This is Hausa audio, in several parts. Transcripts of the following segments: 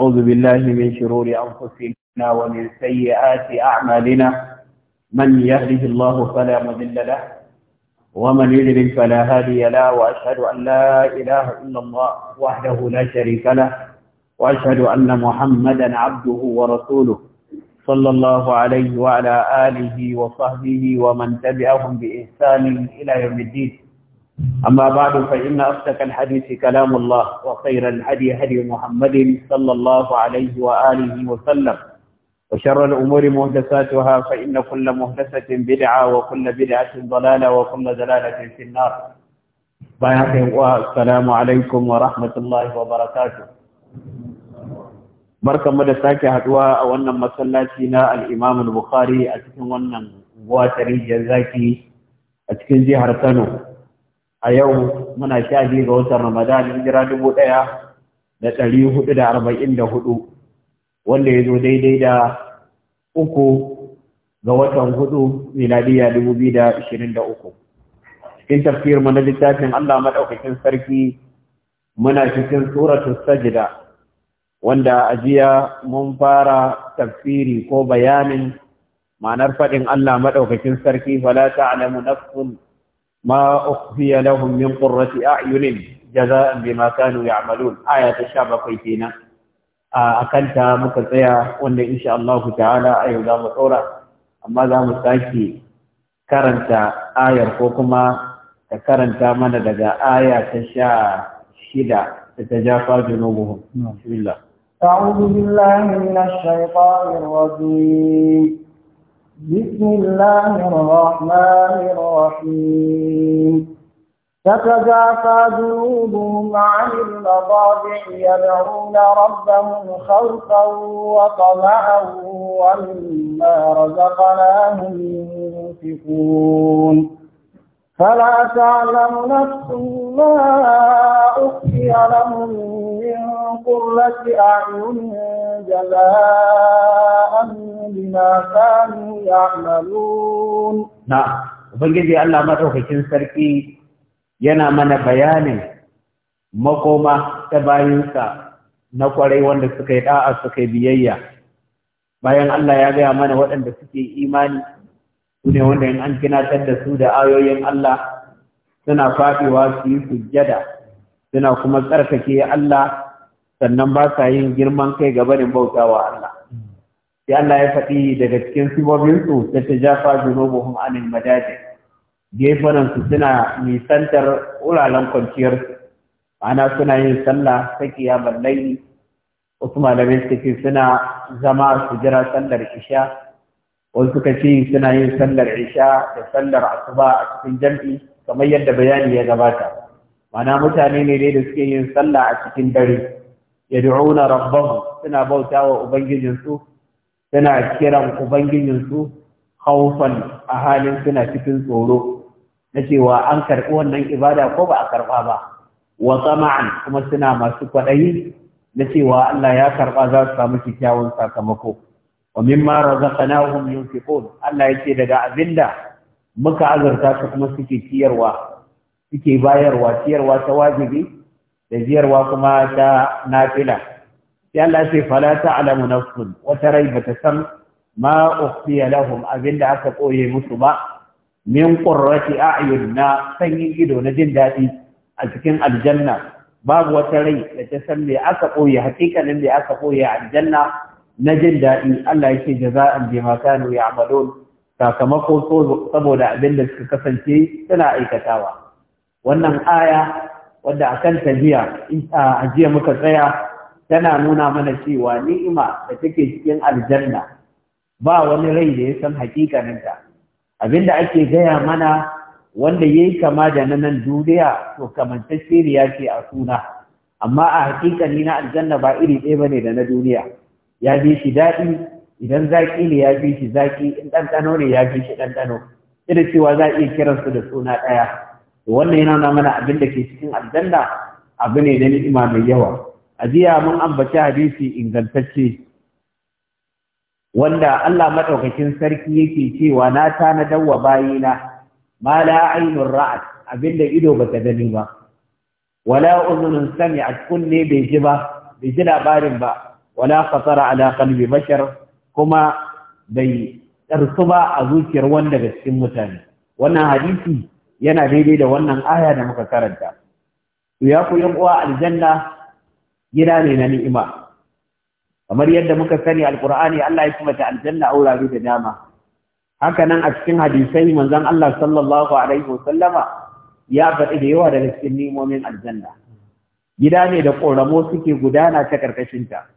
أعوذ بالله من شرور أنفسنا ومن سيئات أعمالنا من يهده الله فلا مضل له ومن يضلل فلا هادي له وأشهد أن لا إله إلا الله وحده لا شريك له وأشهد أن محمدا عبده ورسوله صلى الله عليه وعلى آله وصحبه ومن تبعهم بإحسان إلى يوم الدين أما بعد فإن أصدق الحديث كلام الله وخير الهدي هدي محمد صلى الله عليه وآله وسلم وشر الأمور مهدساتها فإن كل مهدسة بدعة وكل بدعة ضلالة وكل ضلالة في النار بياك والسلام عليكم ورحمة الله وبركاته بركة مدساك هدواء وأن مسلاتنا الإمام البخاري أتكن وأن واتري جزاكي أتكن جهر كانوا a yau muna sha biyu ga watan Ramadan hijira dubu ɗaya da ɗari hudu da arba'in da hudu wanda ya zo daidai da uku ga watan hudu miladiya dubu biyu da ishirin da uku. Cikin tafiyar na littafin Allah maɗaukakin sarki muna cikin suratun sajda wanda a jiya mun fara tafsiri ko bayanin ma'anar faɗin Allah maɗaukakin sarki fala ta'lamu nafsun ما أخفي لهم من قرة أعين جزاء بما كانوا يعملون آية الشعب قيتنا أكلت مكتيا وأن إن شاء الله تعالى أيها الله أما ذا مستاكي كرنت آية الحكومة كرنت من دقى آية الشعب شدة تتجافى جنوبهم بسم الله أعوذ بالله من الشيطان الرجيم بسم الله الرحمن الرحيم تتجافى جنوبهم عن المضاجع يدعون ربهم خوفا وطمعا ومما رزقناهم ينفقون فلا تعلم نفس ما أخفي لهم من قرة أعين جزاء بما كانوا يعملون نعم Ubangiji Allah maɗaukakin sarki yana mana bayanin makoma ta bayansa na kwarai wanda suka yi ɗa'a suka biyayya bayan Allah ya gaya mana waɗanda suke imani su ne wanda in an tunatar da su da ayoyin Allah suna faɗiwa su yi sujjada suna kuma tsarkake Allah sannan ba sa yin girman kai barin bauta bautawa Allah sai Allah ya faɗi daga cikin sibobinsu da ta jafa junubuhum anil madajin Gefenansu suna nisantar wuraren kwanciyar ana suna yin sallah sakiya, mallayi. wasu malamai suke suna zama su jira sallar isha wasu suka ce suna yin sallar isha da sallar asuba a cikin jam'i kamar yadda bayani ya gabata mana mutane ne dai da suke yin sallah a cikin dare ya da'una rabbahum suna bauta bautawa ubangijinsu suna kiran ubangijinsu khaufan a halin suna cikin tsoro na cewa an karɓi wannan ibada ko ba a karɓa ba wa tsama'an kuma suna masu kwaɗayi na cewa Allah ya karɓa za su samu kyakkyawan sakamako wa mimma razaqnahum yunfiqun Allah ce daga abinda muka azurta su kuma suke ciyarwa suke bayarwa ciyarwa ta wajibi da ciyarwa kuma ta nafila sai Allah sai fala ta'lamu nafsun wata rai bata san ma ukhfiya lahum abinda aka koye musu ba min qurrati a'yun na sanyin ido na jin daɗi a cikin aljanna babu wata rai da ta san me aka koye hakikanin me aka koye aljanna na jin daɗi Allah yake jaza'an bima kanu ya'malun sakamako saboda abin da suka kasance suna aikatawa wannan aya wadda akan tajiya a jiya muka tsaya tana nuna mana cewa ni'ima da take cikin aljanna ba wani rai da ya san hakikaninta abinda ake gaya mana wanda yayi kama da na nan duniya to ta ne ce a suna amma a hakikani na aljanna ba iri ɗaya ba ne da na duniya ya bi shi daɗi idan zaƙi ne ya bi shi zaƙi in ɗanɗano ne ya bi shi ɗanɗano da cewa za a iya kiransu da suna ɗaya to wannan yana nuna mana abin da ke cikin aljanna abu ne na ni'ima mai yawa a jiya mun ambaci hadisi ingantacce wanda Allah madaukakin sarki yake cewa na tanadar wa bayina ma la ainur ra'at da ido ba ta gani ba wala uzunun sami'at kunne bai ji ba bai ji labarin ba wala khatara ala qalbi bashar kuma bai tsarsu ba a zuciyar wanda ga cikin mutane wannan hadisi yana daidai da wannan aya da muka karanta to ya ku yan uwa aljanna gida ne na ni'ima kamar yadda muka sani alqur'ani Allah ya kuma aljanna aura bi da dama haka nan a cikin hadisai manzon Allah sallallahu alaihi wasallama ya faɗi da yawa daga cikin ni'imomin aljanna gida ne da ƙoramo suke gudana ta ƙarƙashinta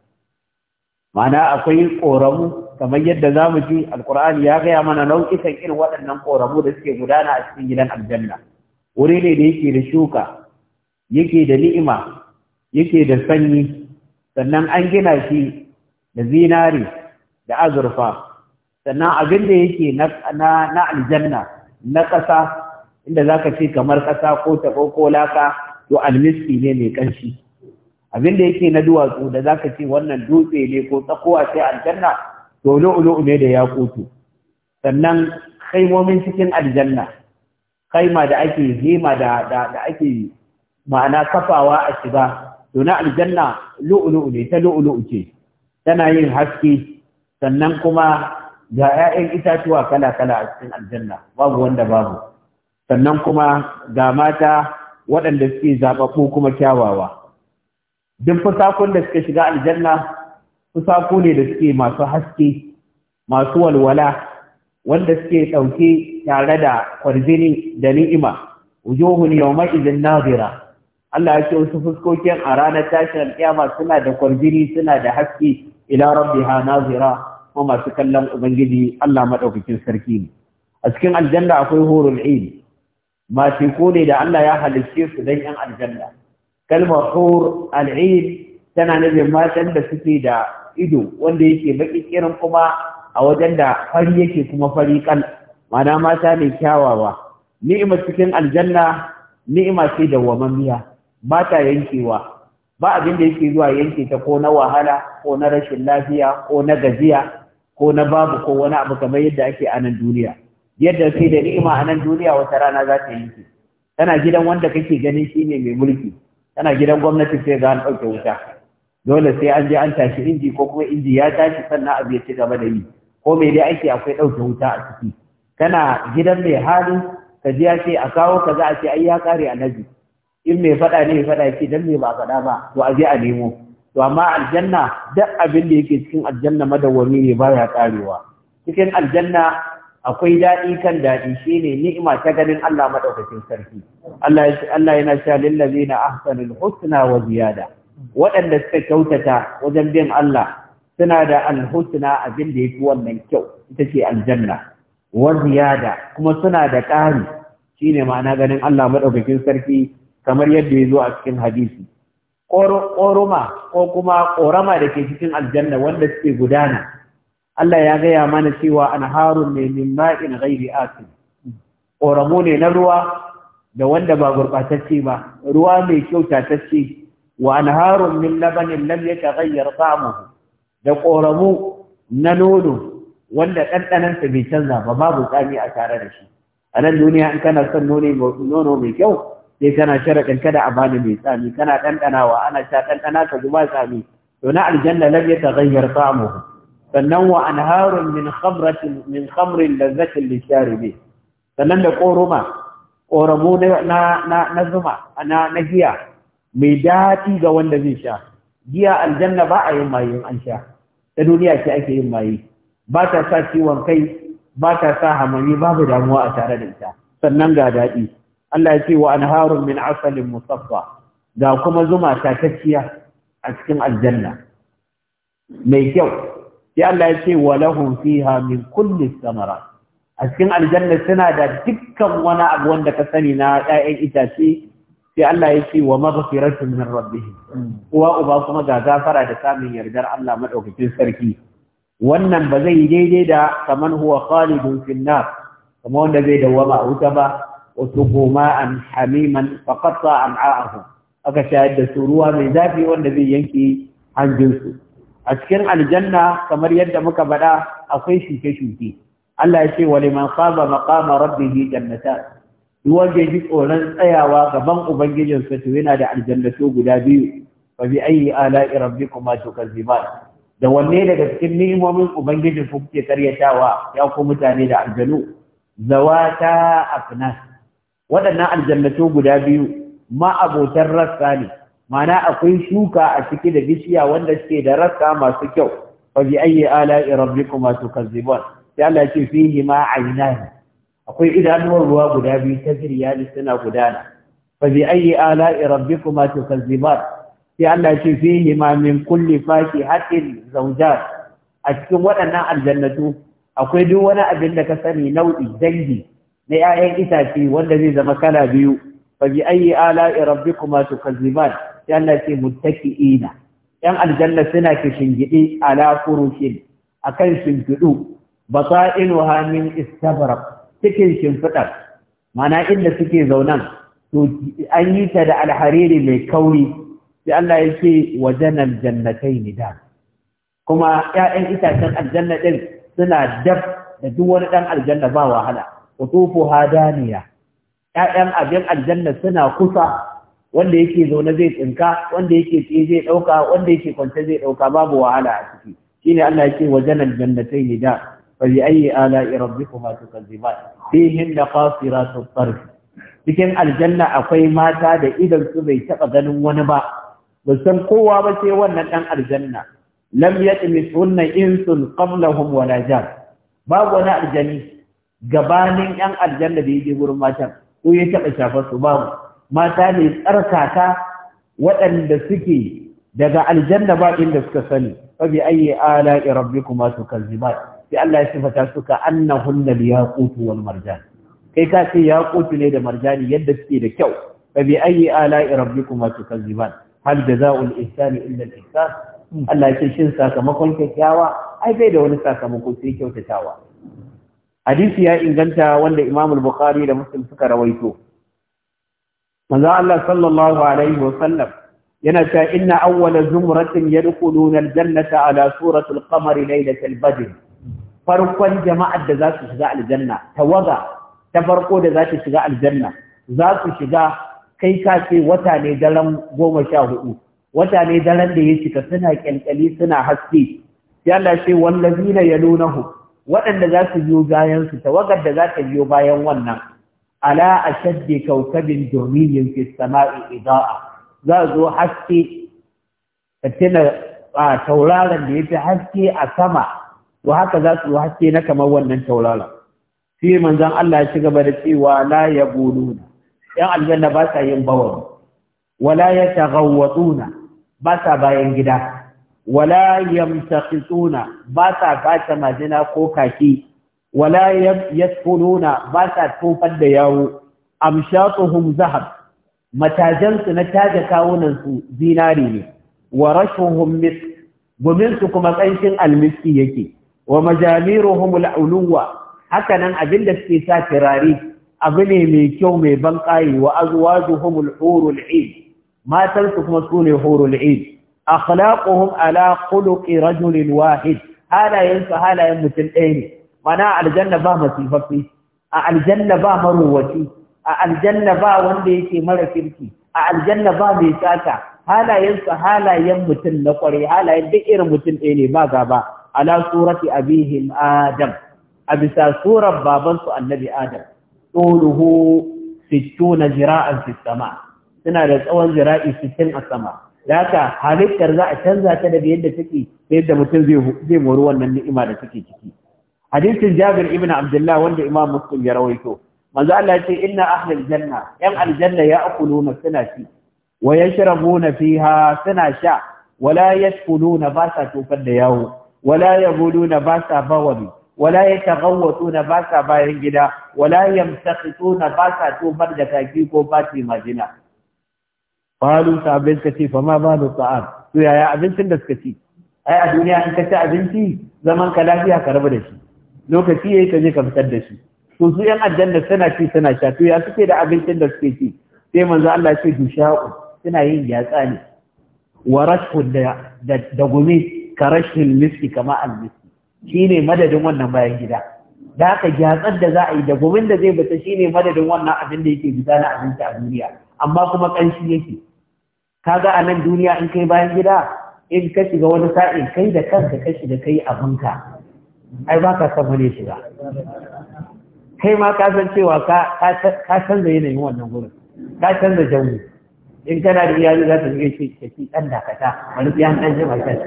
mana akwai ƙoramu kamar yadda za mu ji alkur'ani ya gaya mana nau'ikan irin waɗannan ƙoramu da suke gudana a cikin gidan aljanna wuri ne da yake da shuka yake da ni'ima yake da sanyi sannan an gina shi da zinari da azurfa sannan abin da yake na aljanna na ƙasa inda za ka ce kamar ƙasa ko taɓo ko laka to almiski ne mai ƙanshi abin da yake na duwatsu da za ka ce wannan dutse ne ko tsakowa sai aljanna to lu'lu'u ne da kotu. sannan kaimomin cikin aljanna kaima da ake hema da da ake ma'ana kafawa a shiga to na aljanna lu'lu'u ne ta lu'lu'u ce tana yin haske sannan kuma ga 'ya'yan itatuwa kala-kala a cikin aljanna babu wanda babu sannan kuma ga mata waɗanda suke zaɓaɓɓu kuma kyawawa duk fusakun da suka shiga aljanna fusaku ne da suke masu haske masu walwala wanda suke ɗauke tare da kwarjini da ni'ima wujuhun yawma idhin nazira Allah ya ce wasu fuskokin a ranar tashin alƙiyama suna da kwarjini suna da haske ila rabbiha nazira kuma masu kallon ubangiji Allah madaukakin sarki ne a cikin aljanna akwai hurul ain ma ne da Allah ya halicce su dan yan aljanna kalmar hur al'id tana nufin matan da suke da ido wanda yake baki kirin kuma a wajen da fari yake kuma fari kal mana mata ne kyawawa ni'ima cikin aljanna ni'ima ce da wamamiya ba ta yankewa ba abin da yake zuwa yanke ta ko na wahala ko na rashin lafiya ko na gajiya ko na babu ko wani abu kamar yadda ake a nan duniya yadda sai da ni'ima a nan duniya wata rana za ta yanke tana gidan wanda kake ganin shine mai mulki kana gidan gwamnati sai ga an ɗauke wuta dole sai an je an tashi inji ko kuma inji ya tashi sannan abu ya ci gaba da yi ko mai dai ake akwai ɗauke wuta a ciki kana gidan mai hali ka je ce a kawo ka za a ce ai ya kare annabi in mai faɗa ne mai faɗa ce dan me ba faɗa ba to a je a nemo to amma aljanna duk abin da yake cikin aljanna madawwami ne baya karewa cikin aljanna akwai daɗi kan daɗi shine ni'ima ta ganin Allah maɗaukakin sarki Allah yana sha lil na ahsanul husna wa ziyada waɗanda suka kyautata wajen bin Allah suna da alhusna abin da ya fi wannan kyau ita ce aljanna wa ziyada kuma suna da ƙari shine ma'ana ganin Allah maɗaukakin sarki kamar yadda ya zo a cikin hadisi ƙoroma ko kuma ƙorama da ke cikin aljanna wanda suke gudana Allah ya gaya mana cewa anharun ne min ma'in ghairi asin ƙoramu ne na ruwa da wanda ba gurɓatacce ba ruwa mai kyau tatacce wa anharun min labanin lam yataghayyar ta'amuhu da ƙoramu na nono wanda ɗanɗanansa bai canza ba babu tsami a tare da shi a nan duniya in kana son nono mai kyau sai kana sharaɗin kada a bani mai tsami kana ɗanɗanawa ana sha ɗanɗana ka zuba tsami to na aljanna lam yataghayyar ta'amuhu sannan wa anharun min khamratin min khamrin lazzatin lisharibin sannan da koroma koramu na na na zuma na na giya mai daɗi ga wanda zai sha giya aljanna ba a yin maye an sha ta duniya ce ake yin maye ba ta sa ciwon kai ba ta sa hamami babu damuwa a tare da ita sannan ga daɗi Allah ya ce wa anharun min asalin musaffa ga kuma zuma takacciya a cikin aljanna mai kyau sai Allah ya ce wa lahum fiha min kulli thamarat a cikin aljanna suna da dukkan wani abu wanda ka sani na ƴaƴan itace sai Allah ya ce wa maghfiratu min rabbihim uwa uba kuma ga gafara da samun yardar Allah madaukakin sarki wannan ba zai yi daidai da kaman huwa khalidun fil nar kuma wanda zai dawama a wuta ba wa tuquma an hamiman faqatta am'a'ahu aka shayar da su ruwa mai zafi wanda zai yanke hanjinsu a cikin aljanna kamar yadda muka faɗa akwai shuke-shuke Allah ya ce wa liman khaba maqama rabbih jannata duk wanda ya ji tsoron tsayawa gaban ubangijinsa to yana da aljannato guda biyu fa bi ayyi ala'i rabbikuma tukazziban da wanne daga cikin ni'imomin Ubangijin ku kuke karyatawa ya ku mutane da aljanu zawata afnas waɗannan aljannato guda biyu ma abotan rassa ne mana akwai shuka a cike da bishiya wanda suke da rassa masu kyau fa bi ayyi ala'i rabbikuma tukazzibun sai Allah ya ce fihi ma aynani akwai idanuwar ruwa guda biyu ta ziriyali suna gudana fa bi ayyi ala'i rabbikuma tukazziban sai Allah ya ce fihi ma min kulli fakihatin zawjat a cikin waɗannan aljannatu akwai duk wani abin da ka sani nau'i dangi na 'ya'yan itace wanda zai zama kala biyu fa bi ayyi ala'i rabbikuma tukazziban Yallace Allah muttaki'ina yan aljanna suna kishingidi ala furushin akan shimfidu basa'inuha min istabraq cikin shimfidar mana inda suke zaunan to an yi ta da alhariri mai kauri sai Allah ya ce wajen aljannatai ni da kuma 'ya'yan itacen aljanna ɗin suna dab da duk wani ɗan aljanna ba wahala qutufu hadaniya 'ya'yan abin aljanna suna kusa wanda yake zaune zai tsinka wanda yake tsaye zai ɗauka, wanda yake kwance zai ɗauka, babu wahala a ciki shine Allah yake wajen aljannatai ne da fa bi ayi ala rabbikuma tukazziban fihinna qasiratut tarf cikin aljanna akwai mata da idan su bai taba ganin wani ba ba san kowa ba sai wannan dan aljanna lam yatmisunna insun qablahum wala jan babu wani aljanni. gabanin yan aljanna da yake gurin matan ko ya taba shafa su babu mata ne tsarkaka waɗanda suke daga aljanna ba inda suka sani fa bi ayyi ala'i rabbikuma tukazzibat sai Allah ya sifata su annahunna al wal marjan kai ka ce yaqut ne da marjani yadda suke da kyau fa bi ayyi ala'i rabbikuma tukazzibat hal jazaa'ul ihsani illa al-ihsan Allah ya ce shin sakamakon kyakkyawa ai bai da wani sakamako sai kyautatawa hadisi ya inganta wanda Imamul bukhari da Muslim suka rawaito manzo Allah sallallahu alaihi wa sallam yana cewa inna awwala zumratin yadkhuluna aljannata ala surati alqamari laylatal badr farkon jama'ar da za su shiga aljanna tawaga ta farko da za ta shiga aljanna za su shiga kai ka ce wata ne daren goma sha hudu wata ne daren da ya cika suna kyalkyali suna haske sai Allah ce wallazina yalunahu waɗanda za su biyo bayan su tawagar da za ta biyo bayan wannan ala ashaddi kawkabin durmiyin fi sama'i ida'a za zo haske tauraron da ya fi haske a sama to haka za su haske na kamar wannan tauraron sai manzon Allah ya ci gaba da cewa la yabuluna yan aljanna ba sa yin bawani wala yataghawwatuna ba sa bayan gida wala yamtaqituna ba sa bata majina ko kaki wala yasfuluna ba sa tofar da yawo amshatuhum zahab matajansu na caja kawunan su zinari ne wa rashuhum misk gumin su kuma kanshin almiski yake wa majamiruhum al'uluwa haka nan da suke sa firari. abu ne mai kyau mai banƙayi wa azwajuhum al-hurul matan su kuma sune hurul 'ain akhlaquhum ala khuluqi rajulin wahid halayen su halayen mutum ɗaya ne mana aljanna ba masifaffe a aljanna ba marowaci a aljanna ba wanda yake mara kirki a aljanna ba mai sata halayensu halayen mutum na kwarai halayen duk irin mutum ɗaya ne ba gaba ala surati abihim adam a bisa surar babansu annabi adam tsoluhu na jira'an fi sama suna da tsawon jira'i sittin a sama haka halittar za a canza ta daga yadda take da yadda mutum zai mori wannan ni'ima da take ciki hadisin Jabir ibn Abdullah wanda Imam Muslim ya rawaito manzo Allah ce inna ahli janna yan aljanna ya'kuluna suna ci wa yashrabuna fiha suna sha wala yashkuluna ba sa tofar da yawo wala yabuluna ba sa bawabi wala yataghawwatuna ba sa bayan gida wala yamsakhituna ba sa tofar da kaki ko bati majina qalu sabin kace fa ma balu ta'am to yaya abincin da suka ci ai a duniya in ka ci abinci zaman ka lafiya ka rabu da shi lokaci ya yi ka je ka fitar da shi to su yan aljanna suna ci suna sha to ya suke da abincin da suke ci sai manzo Allah ya ce dusha'u suna yin yatsa ne wa rashu da gumi ka miski kama al miski shine madadin wannan bayan gida da haka gyatsar da za a yi da gumin da zai bata shine madadin wannan abin da yake gida na abinci a duniya amma kuma kanshi yake kaga a nan duniya in kai bayan gida in ka shiga wani sa'in kai da kanka ka shiga kai abinka ai ba ka san wani shiga kai ma ka san cewa ka canza yanayin wannan gurin ka canza jauni in kana da iyali za ta zuge shi ka ci ɗan dakata wani biyan ɗan jima kan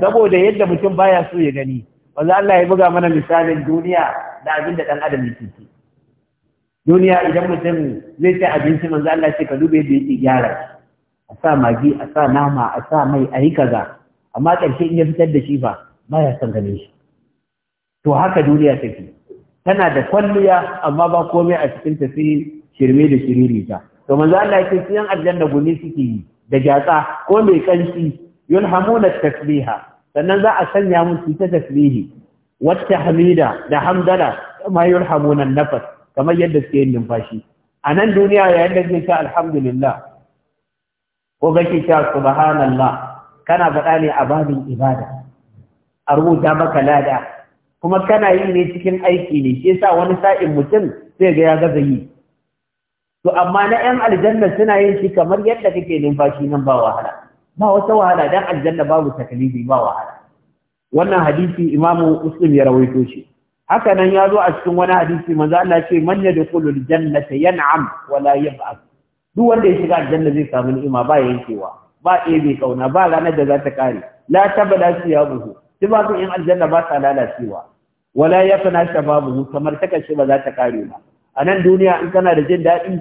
saboda yadda mutum baya so ya gani wanzu Allah ya buga mana misalin duniya da abin da ɗan adam yake ci duniya idan mutum zai ci abinci manzo Allah ce ka dube da yake gyara a sa magi a sa nama a sa mai a yi kaza amma ƙarshe in ya fitar da shi ba ba ya san gane shi to haka duniya take tana da kwalliya amma ba komai a cikin ta sai shirme da ta to manzo Allah ya ce siyan aljanna gumi suke yi da gyatsa ko mai kanshi yulhamuna tasbiha sannan za a sanya musu ta tasbihi wata hamida da hamdala kama yulhamuna nafas kamar yadda suke yin numfashi a nan duniya yayin da zai ce alhamdulillah ko gashi ta subhanallah kana faɗa ne a babin ibada a rubuta maka lada kuma kana yi ne cikin aiki ne shi yasa wani sa'in mutum sai ga ya gaza yi to amma na 'yan aljanna suna yin shi kamar yadda kake numfashi nan ba wahala ba wata wahala dan aljanna babu takalifi ba wahala wannan hadisi imamu muslim ya rawaito shi haka nan ya zo a cikin wani hadisi manzo Allah ce man yadkhulu aljannata yan'am wala yab'ath duk wanda ya shiga aljanna zai samu ni'ima ba yankewa ba bai kauna ba ranar da za ta kare la buhu ba tufafin yin aljanna ba sa lalacewa wala ya ba buhu kamar ta kashe ba za ta kare ba a nan duniya in kana da jin daɗi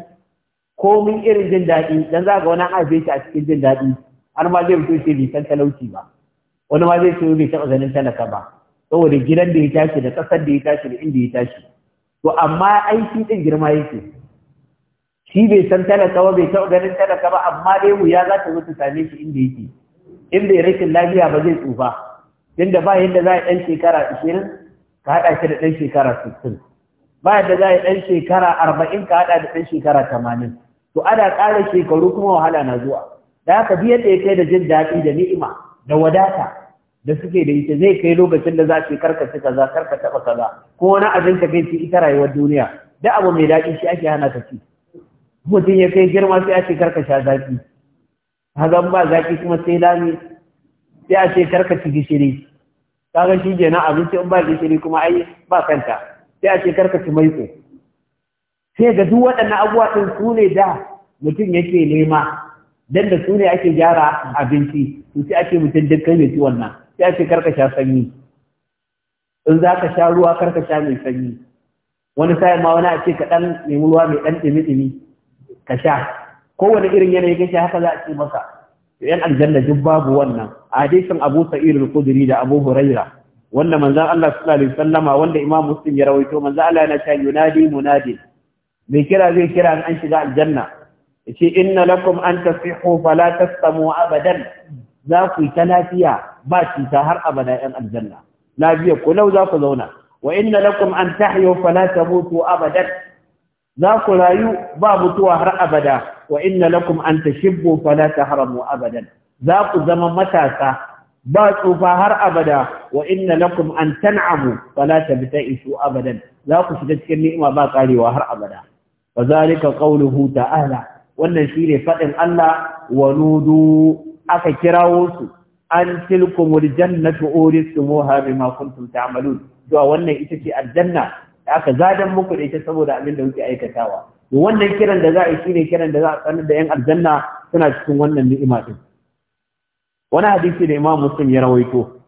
Ko min irin jin daɗi dan za ga wani haife shi a cikin jin daɗi har ma zai fito shi bai san talauci ba wani ma zai ce bai taɓa ganin talaka ba saboda gidan da ya tashi da ƙasar da ya tashi da inda ya tashi to amma aiki ɗin girma yake shi bai san talaka ba bai taɓa ganin talaka ba amma dai wuya za ta zo ta same shi inda yake in bai rashin lafiya ba zai tsufa da ba yadda za a yi ɗan shekara ashirin ka haɗa shi da ɗan shekara sittin ba yadda za a yi ɗan shekara arba'in ka haɗa da ɗan shekara tamanin to ana ƙara shekaru kuma wahala na zuwa da haka biyar da ya kai da jin daɗi da ni'ima da wadata da suke da ita zai kai lokacin da za ce karka ci kaza karka taɓa kaza ko wani abin ka kai ita rayuwar duniya da abu mai daɗi shi ake hana ka ci mutum ya kai girma sai a ce karka zaki. zaki hazan ba zaki kuma sai lami sai a ce karka gishiri kaga shi kenan abinci in ba gishiri kuma ai ba kanta sai a ce karka maiko sai ga duk waɗannan abubuwa ɗin su ne da mutum yake nema don da su ne ake gyara abinci to sai ake mutum duk kan yaki wannan sai ake ce sha sanyi in za ka sha ruwa karka sha mai sanyi wani sa'in ma wani a ce ka ɗan nemi ruwa mai ɗan ɗimi-ɗimi ka sha kowane irin yanayi ka sha haka za a ce masa yan aljanna duk babu wannan hadisin Abu Sa'id al-Khudri da Abu Huraira wanda manzon Allah sallallahu alaihi wasallama wanda Imam Muslim ya rawaito manzon Allah yana cewa yunadi munadi mai kira zai kira an shiga aljanna yace inna lakum an tasihu fala tastamu abadan za ku yi ta lafiya ba cuta har abada yan aljanna lafiya ku lau za ku zauna wa inna lakum an tahyu fala tamutu abadan za ku rayu ba mutuwa har abada wa inna lakum an tashibbu fala tahramu abadan za ku zama matasa ba tsufa har abada wa inna lakum an tan'amu fala tabta'isu abadan za ku shiga cikin ni'ima ba karewa har abada wa zalika qawluhu ta'ala wannan shine fadin Allah wa nudu aka kirawo su an tilkumul jannatu uristumuha bima kuntum ta'malun to wannan ita ce aljanna aka zadan muku da ita saboda abin da kuke aikatawa wannan kiran da za a yi shine kiran da za a sanar da yan aljanna suna cikin wannan ni'ima din wani hadisi da Imam Muslim ya rawaito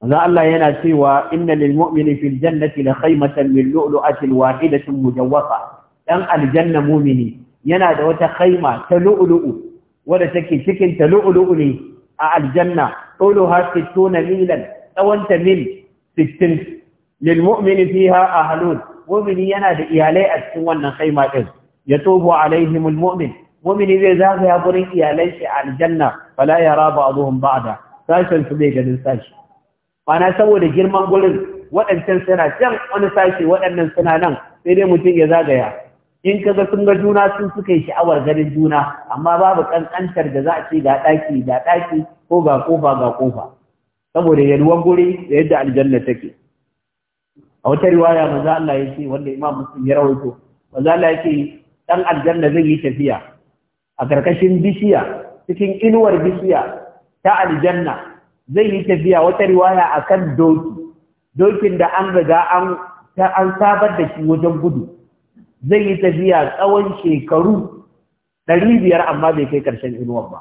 manzo Allah yana cewa inna lil mu'mini fil jannati la khaymatan min lu'lu'atin wahidatin mujawwafa dan aljanna mu'mini yana da wata khayma ta lu'lu'u wadda take cikin ta lu'lu'u ne a aljanna tuluha 60 milan tsawon ta mil 60 lil Fiha a ahlun mu'mini yana da iyalai a cikin wannan khaima din yatubu alaihim al mu'min mu'mini zai zagaya gurin iyalai shi a aljanna fala yara ba'dhum ba'da sashen su bai ganin sashi ana saboda girman gurin waɗancan suna can wani sashe waɗannan suna nan sai dai mutum ya zagaya in kaga sun ga juna sun suka yi sha'awar ganin juna amma babu ƙanƙantar da za a ce ga ɗaki ga ɗaki ko ga kofa ga ƙofa, saboda yalwan guri da yadda aljanna take a wata riwaya manzo Allah ya ce wanda Imam Muslim ya rawaito manzo Allah ya ce dan aljanna zai yi tafiya a karkashin bishiya cikin inuwar bishiya ta aljanna zai yi tafiya wata riwaya akan doki dokin da an riga an ta an sabar da shi wajen gudu zai yi tafiya tsawon shekaru ɗari biyar amma bai kai karshen inuwar ba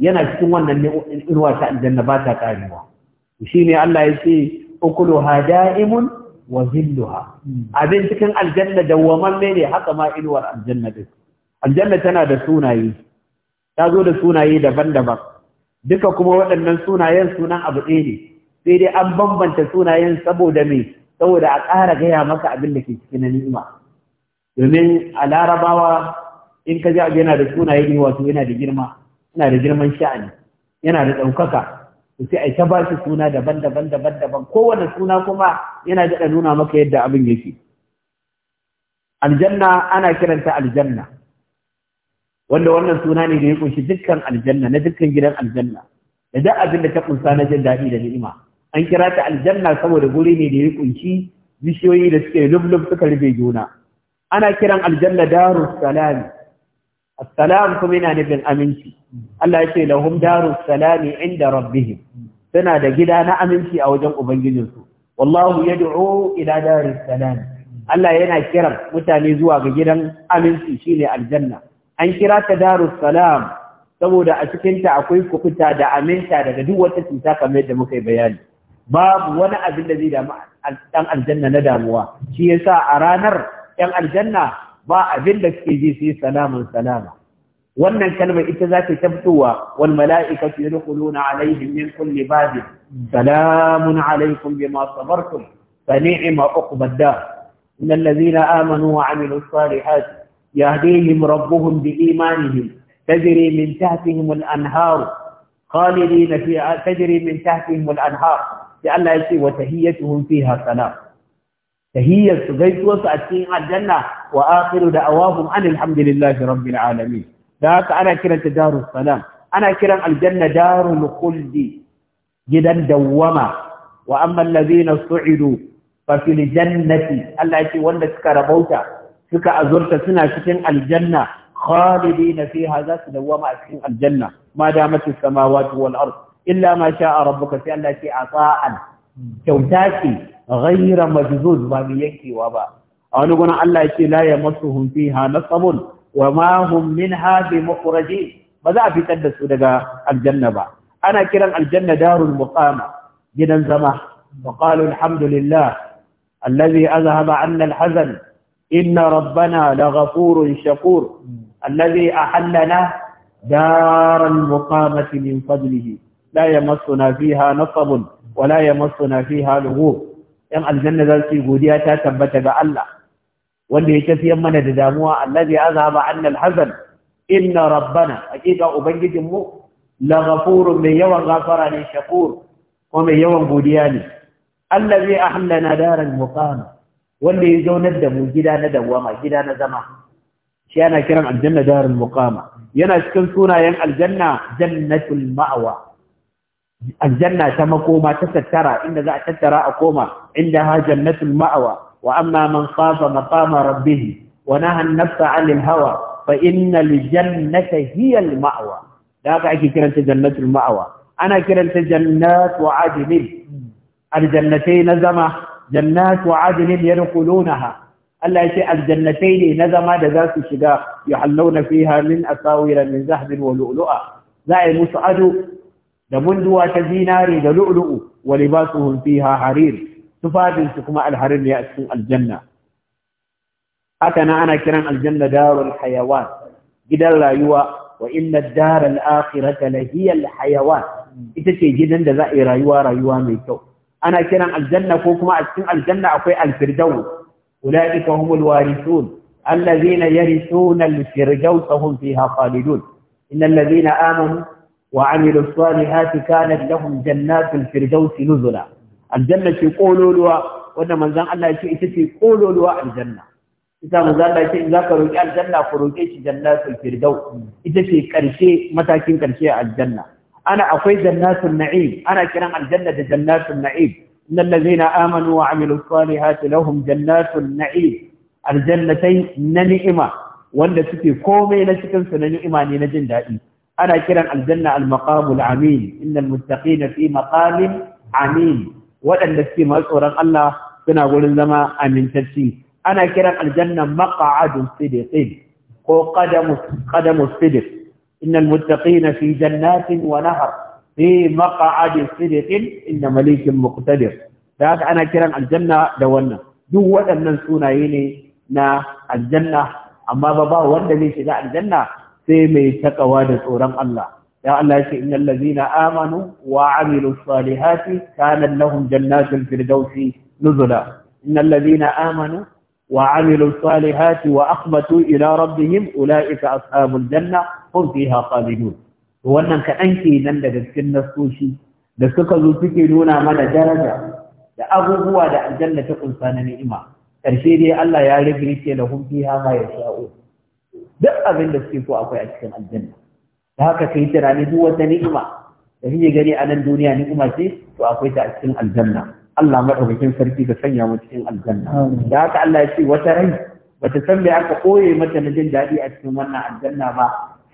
yana cikin wannan inuwa ta aljanna ba ta karewa. shi ne Allah ya ce ukulu ha da'imun wa zilluha abin cikin aljanna dawwamamme ne haka ma inuwar aljanna din aljanna tana da sunaye ta zo da sunaye daban-daban duka kuma waɗannan sunayen sunan abu ɗaya ne sai dai an bambanta sunayen saboda me saboda a ƙara gaya maka abin da ke cikin ni'ima domin a larabawa in ka ji abu yana da sunaye ne wato yana da girma yana da girman sha'ani yana da ɗaukaka sai a ta ba shi suna daban-daban daban-daban kowane suna kuma yana daɗa nuna maka yadda abin yake aljanna ana kiranta aljanna wanda wannan suna ne da ya kunshi dukkan aljanna na dukkan gidan aljanna da duk abin da ta kunsa na jin daɗi da ni'ima an kira ta aljanna saboda guri ne da ya kunshi bishiyoyi da suke lublub suka rufe juna ana kiran aljanna darus salami assalam kuma yana nufin aminci Allah ya ce lahum darus salami inda rabbihim suna da gida na aminci a wajen ubangijinsu wallahu yad'u ila daris salam Allah yana kiran mutane zuwa ga gidan aminci shine aljanna an kira ta darus salam saboda a cikinta akwai kufuta da aminta daga duk wata cuta kamar yadda muka yi bayani babu wani abin da zai damu dan aljanna na damuwa shi yasa a ranar yan aljanna ba abin da suke ji sai salamun salama wannan kalmar ita za ta fitowa wal mala'ika su yadkhuluna alaihim min kulli bab salamun alaikum bima sabartum fa ni'ma uqbad dar innal ladhina amanu wa amilus salihati yahdihim rabbuhum biimanihim tajri min tahtihim al anhar khalidina fiha tajri min tahtihim al anhar ya Allah yace wa tahiyyatuhum fiha salam tahiyyar su gaisuwar su a cikin aljanna wa akhiru da awahum alhamdulillahi rabbil alamin da haka ana kiranta darus salam ana kiran aljanna darul khuldi gidan dawwama wa amma allazina su'idu fa fil jannati Allah yake wanda suka rabauta suka azurta suna cikin aljanna khalidina fiha za su dawwama a cikin aljanna ma damat as-samawati wal ard illa ma sha'a rabbuka sai Allah yake ata'an ghaira majzuz ba mai yankewa ba a wani gurin Allah yake la yamassuhum fiha nasabun wa ma hum minha bi mukhrajin ba za a fitar da su daga aljanna ba ana kiran aljanna darul muqama gidan zama wa qalu alhamdulillah alladhi azhaba anna alhazan inna rabbana laghafurun shakur alladhi ahallana دار المقامة من فضله لا يمسنا فيها نصب ولا يمسنا فيها لغوب ‘yan aljanna za su yi godiya ta tabbata ga Allah, wanda ya tafiyan mana da damuwa, Allah ya azaba annal Hassan. inna rabbana, hakika mu, lagafurun mai yawan gafara ne shakur, ko mai yawan godiya ne. Allah zai ahalla na daren wanda ya zaunar da mu gida na dawama, gida na zama. Shi yana kiran aljanna daren muqama. Yana cikin sunayen aljanna jannatul ma'awa. الجنة تمكوما تسترى إن ذا تسترى أقوما عندها جنة المأوى وأما من خاف مقام ربه ونهى النفس عن الهوى فإن الجنة هي المأوى لا تعكي كرة جنة المأوى أنا كرة جنات وعدن الجنتين نزمة جنات وعدن ينقلونها ألا شيء الجنتين نزمة لذات الشقاق يحلون فيها من أساور من ذهب ولؤلؤة ذا مسعد da munduwa ta zinare da lu'lu'u wa libasuhum fiha harir tufafin su kuma alharir ne a cikin aljanna haka nan ana kiran aljanna darul hayawan gidan rayuwa wa inna daral akhirata la hiya al hayawan ita ce gidan da za a yi rayuwa rayuwa mai kyau ana kiran aljanna ko kuma a cikin aljanna akwai alfirdaus ulaika humul warithun الذين يرثون الفردوس هم فيها خالدون إن الذين amanu. وعملوا الصالحات كانت لهم جنات الفردوس نزلا الجنه في قولولوا وان من ذا الله يشي تتي قولولوا الجنه ita manzo Allah yake in zaka roki aljanna ku roke shi jannatul firdaus ita ce karshe matakin karshe aljanna ana akwai jannatul na'im ana kiran aljanna da jannatul na'im innal ladzina amanu wa amilus salihati lahum jannatul na'im aljannatay na ni'ima wanda suke komai na cikinsu na ni'ima ne na jin daɗi. ana kiran aljanna al-maqamul amin innal muttaqina fi maqamin amin waɗanda suke masu tsoron Allah suna gurin zama amintacci ana kiran aljanna maq'adun sidiqin ko qadamus qadamus sidiq innal muttaqina fi jannatin wa nahar fi maq'adin sidiqin inna malikin muqtadir da ana kiran aljanna da wannan duk waɗannan sunaye ne na aljanna amma ba ba wanda zai shiga aljanna sai mai takawa da tsoron Allah ya Allah ya ce innal ladina amanu wa amilus salihati kana lahum jannatul firdausi nuzula innal ladina amanu wa amilus salihati wa akhbatu ila rabbihim ulaika ashabul janna hum fiha khalidun wannan kaɗan kenan daga cikin nasoshi da suka zo suke nuna mana daraja da abubuwa da aljanna ta kunsa na ni'ima ƙarshe dai Allah ya rubuce da hum fiha ma yasha'u duk abin da suke so akwai a cikin aljanna da haka kai tunani duk wata ni'ima da kike gani a nan duniya ni'ima ce to akwai ta a cikin aljanna Allah madaukakin sarki ka sanya mu cikin aljanna da haka Allah ya ce wata rai bata san me aka koye mata na jin daɗi a cikin wannan aljanna ba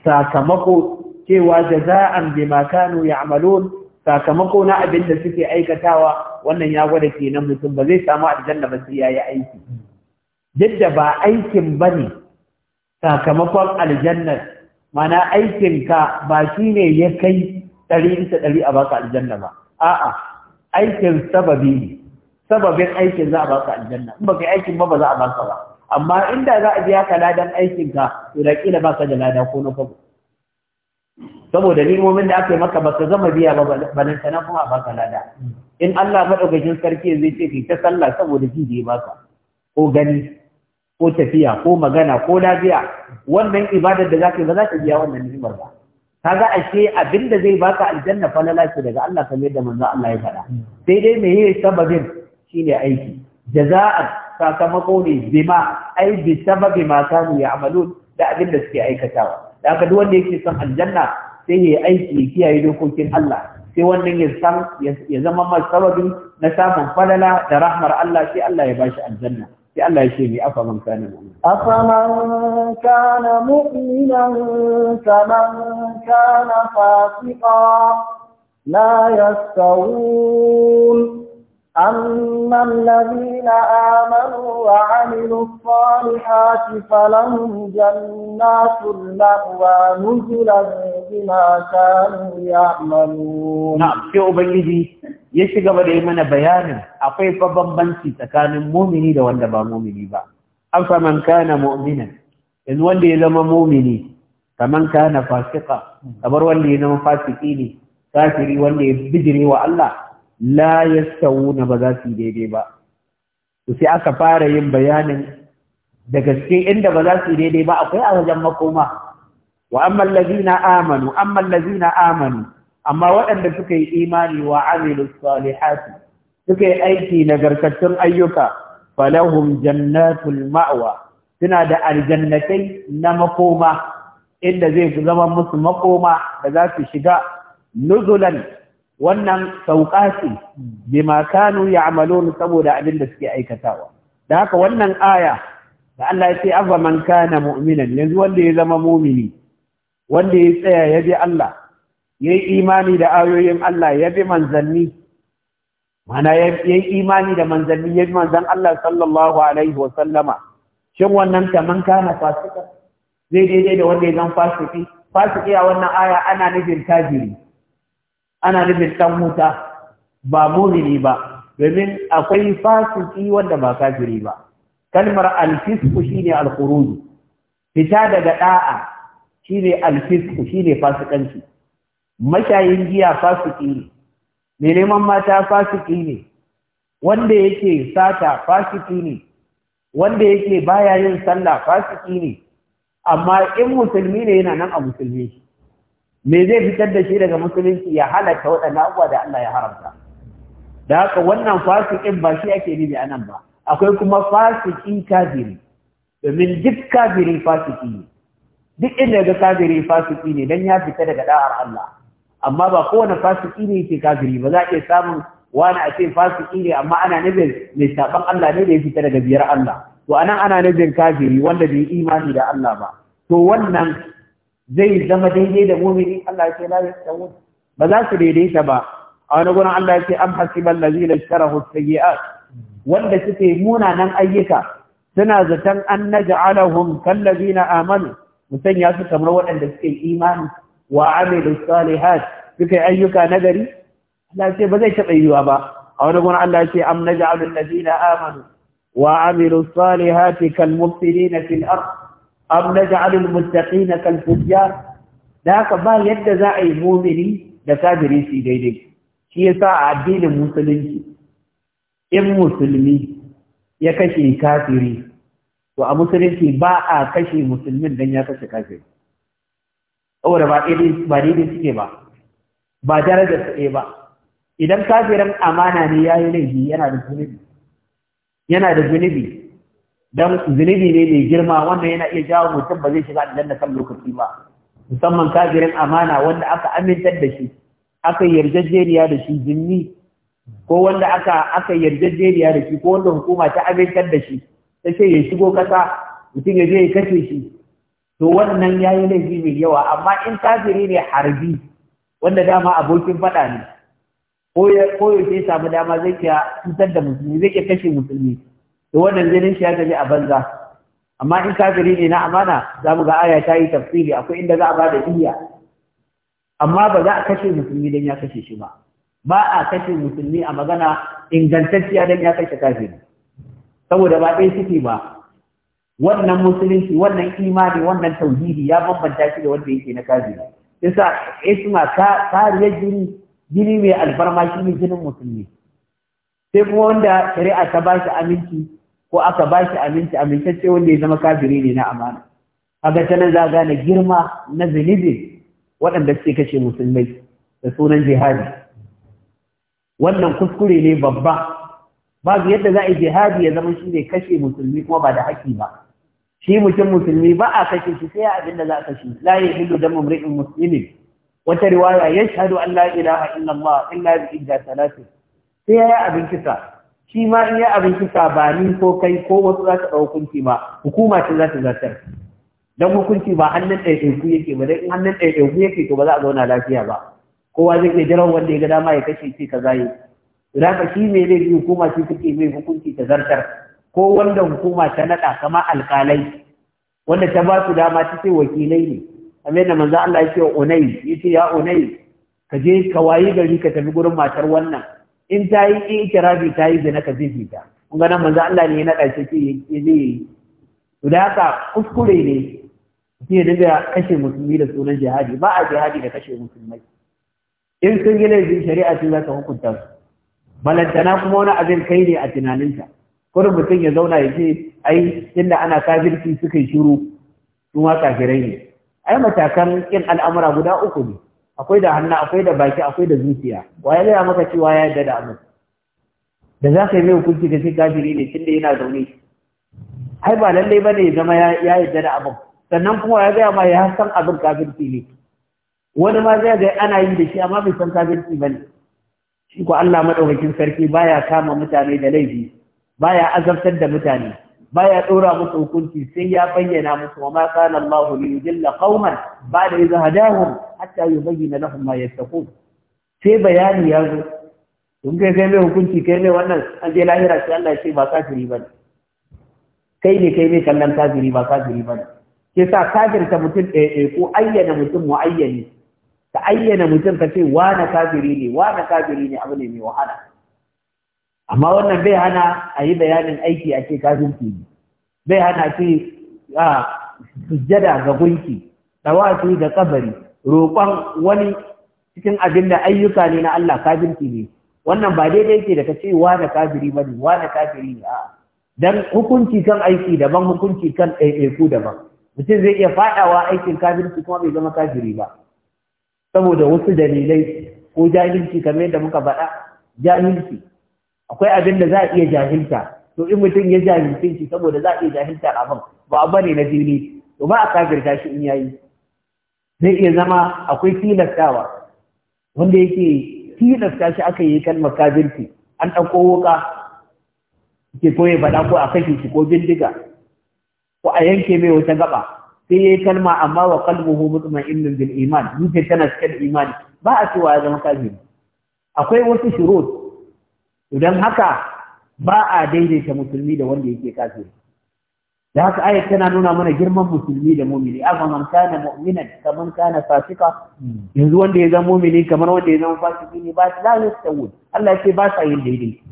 sakamako cewa jaza'an bima kanu ya'malun sakamako na abin da suke aikatawa wannan ya gwada kenan mutum ba zai samu aljanna ba sai yayi aiki duk da ba aikin bane sakamakon aljannar mana aikinka ba shi ne ya kai ɗari bisa ɗari a baka aljanna ba a'a aikin sababi ne sababin aikin za a baka aljanna in baka aikin ba ba za a baka ba amma inda za a biya ka ladan ka, to da kila baka da lada ko na kwabo saboda limomin da aka yi maka baka zama biya ba balanta na kuma baka lada in Allah madaukakin sarki zai ce kai ta sallah saboda ji da ya baka ko gani ko tafiya ko magana ko lafiya wannan ibadar da zaka yi ba za ta biya wannan ni'imar ba kaga ashe abinda zai baka aljanna falala ce daga Allah kamar yadda manzo Allah ya faɗa sai dai meye sababin shine aiki jaza'a sakamako ne bima ai bi sababi ma kanu ya'malun da abin da suke aikatawa da haka duk wanda yake son aljanna sai ya aiki ya kiyaye dokokin Allah sai wannan ya san ya zama masa sababin na samun falala da rahmar Allah sai Allah ya bashi aljanna sai Allah ya ce afa kana mu'mina afa kana mu'minan kaman kana fasiqa la yastawun أما الذين آمنوا وعملوا الصالحات فلهم جنات المأوى نزلا بما كانوا يعملون نعم في أبيدي ya ci gaba da yi mana bayanin akwai fa bambanci tsakanin mumini da wanda ba mumini ba fa man kana mu'mina in wanda ya zama mumini kaman kana fasika kamar wanda ya zama fasiki ne kafiri wanda ya bijire wa Allah la na ba za su daidai ba to sai aka fara yin bayanin da gaske inda ba za su daidai ba akwai a wajen makoma wa amma allazina amanu amma allazina amanu amma waɗanda suka yi imani wa amilu salihati suka yi aiki nagartattun ayyuka falahum jannatul ma'wa suna da aljannatai na makoma inda zai zama musu makoma da za su shiga nuzulan wannan sauka ce bima kanu ya'malun saboda abin da suke aikatawa da haka wannan aya da Allah ya ce afa man kana mu'minan yanzu wanda ya zama mu'mini wanda ya tsaya ya bi Allah ya yi imani da ayoyin Allah ya bi manzanni mana ya yi imani da manzanni ya bi manzan Allah sallallahu alaihi wasallama shin wannan taman kana fasika zai daidai da wanda ya zan fasiki fasiki a wannan aya ana nufin tajiri ana nufin ɗan wuta ba mumini ba domin akwai fasiki wanda ba kafiri ba kalmar alfisku shine alkhuruj fita daga shi shine alfisku shine fasikanci mashayin giya fasiki ne mai neman mata fasiki ne wanda yake sata fasiki ne wanda yake baya yin sallah fasiki ne amma in musulmi ne yana nan a musulmi me zai fitar da shi daga musulunci ya halatta waɗanda abuwa da Allah ya haramta da haka wannan fasikin ba shi ake nufi a nan ba akwai kuma fasiki kafiri domin duk kafiri fasiki ne duk inda ga kafiri fasiki ne don ya fita daga da'ar Allah amma ba kowane fasiki ne yake kafiri ba za a iya samun wani a ce fasiki ne amma ana nufin mai saban Allah ne da ya fita daga biyar Allah to anan ana nufin kafiri wanda bai imani da Allah ba to wannan zai zama daidai da mumini Allah ya ce la yastawu ba za su daidaita ba a wani gurin Allah ya ce am hasiban lazina sharahu sayyi'at wanda suke munanan ayyuka suna zaton an naj'alahum kallazina amanu musanya su kamar waɗanda suke imani wa amilu salihat suka ayyuka nagari Allah ce ba zai taɓa yiwa ba a wani gona Allah ce am naj'alu allazina amanu wa amilu salihati kal mufsidina fil ard am naj'alu al muttaqina kal fujjar da ka ba yadda za a yi mumini da kafiri su daidai shi yasa a addinin musulunci in musulmi ya kashe kafiri to a musulunci ba a kashe musulmin dan ya kashe kafiri saboda ba daidai suke ba ba darajar su ba idan kafirin amana ne ya yi laifi yana da zunubi yana da zunubi don zunubi ne mai girma wannan yana iya jawo mutum ba zai shiga na kan lokaci ba musamman kafirin amana wanda aka amintar da shi aka yarjejeniya da shi zimmi ko wanda aka aka yarjejeniya da shi ko wanda hukuma ta amintar da shi ta ce ya shigo kasa mutum ya je ya kashe shi to wannan yayi yi laifi mai yawa amma in kafiri ne harbi wanda dama abokin faɗa ne ko ya samu dama zai ka cutar da musulmi zai ka kashe musulmi to wannan jinin shi ya gaji a banza amma in kafiri ne na amana za mu ga aya ta yi tafsiri akwai inda za a ba da iya amma ba za a kashe musulmi dan ya kashe shi ba ba a kashe musulmi a magana ingantacciya dan ya kashe kafiri saboda ba ɗaya suke ba wannan musulunci wannan imani wannan tauhidi ya bambanta shi da wanda yake na kafiri yasa isma ka kariyar jini jini mai alfarma shi ne jinin musulmi sai kuma wanda shari'a ta ba shi aminci ko aka ba shi aminci amintacce wanda ya zama kafiri ne na amana kaga ta nan za gane girma na zunubin waɗanda suke kashe musulmai da sunan jihadi wannan kuskure ne babba babu yadda za a yi jihadi ya zama shi ne kashe musulmi kuma ba da haƙi ba shi mutum musulmi ba a kashe shi sai abin da za a kashe la yahillu damu mri'in muslimin wata riwaya ya shahadu an la ilaha illallah illa bi idda talatin. sai ya abin kisa shi ma in ya abin kisa ba ni ko kai ko wasu za ta ɗau hukunci ba hukuma ce za ta zartar dan hukunci ba hannun ku yake ba in hannun ku yake to ba za a zauna lafiya ba kowa zai iya jiran wanda ya ga dama ya kashe shi ka zaye idan ka shi mai laifi hukuma shi take mai hukunci ta zartar ko wanda hukuma ta naɗa kama alkalai wanda ta ba su dama ta ce wakilai ne kamar da manzo Allah yake yace ya unai ka je ka wayi gari ka tafi gurin matar wannan in ta yi ikirabi ta yi zina ka zifi ta kun ga nan manzo Allah ne ya naɗa shi ce ya je yi to da haka kuskure ne ke dinga kashe musulmi da sunan jihadi ba a jihadi da kashe musulmai in sun gina laifin shari'a sun za ka hukunta su balantana kuma wani abin kai ne a tunaninsa kodin mutum ya zauna ya ce ai inda ana kafirci suka yi shiru sun wa ne ai matakan yin al'amura guda uku ne akwai da hannu akwai da baki akwai da zuciya wa ya gaya maka cewa ya yarda da abin da za ka yi mai hukunci ka shi kafiri ne tunda yana zaune ai ba lallai bane ya zama ya yarda da abin sannan kuma ya gaya ma ya san abin kafirci ne wani ma zai ga ana yi da shi amma bai san kafirci ne shi ko Allah madaukakin sarki baya kama mutane da laifi baya azabtar da mutane baya dora musu hukunci sai ya bayyana musu wa ma kana Allah li yudilla qauman ba'da idh hadahum hatta yubayyana lahum ma yattaqun sai bayani ya zo in kai kai mai hukunci kai mai wannan an je lahira sai Allah ya ce ba kafiri bane kai ne kai mai kallon kafiri ba kafiri bane ke sa ta mutum ɗaya ko ayyana mutum mu ayyani ka ayyana mutum ka ce na kafiri ne wa na kafiri ne abu ne mai wahala amma wannan bai hana a yi bayanin aiki a ce kafinci ne bai hana ce a sujjada ga gunki tawafi da kabari roƙon wani cikin abin da ayyuka ne na Allah kafinci ne wannan ba daidai yake da ka ce wa da kafiri ba ne wa da kafiri ne a'a dan hukunci kan aiki daban hukunci kan ɗaiɗaiku daban mutum zai iya faɗawa aikin kafirci kuma bai zama kafiri ba saboda wasu dalilai ko jahilci kamar yadda muka faɗa jahilci akwai abin da za a iya jahilta to in mutum ya jahilta shi saboda za a iya jahilta abin ba a bane na dini to ba a kafirta shi in yayi zai iya zama akwai tilastawa wanda yake tilasta shi aka yi kalmar kafirci an ɗauko wuka ke ko ya faɗa ko a kashe shi ko bindiga ko a yanke mai wata gaba sai yayi kalma amma wa mutumin mutma'innun bil iman zuciya tana cikin imani ba a cewa ya zama kafiri akwai wasu shirot. idan haka ba a daidaita musulmi da wanda yake kafiri da haka ayat tana nuna mana girman musulmi da mumini a man kana mu'mina kaman kana fasika yanzu wanda ya zama mumini kamar wanda ya zama fasiki ne ba ta wuce Allah ya ce ba sa yin daidai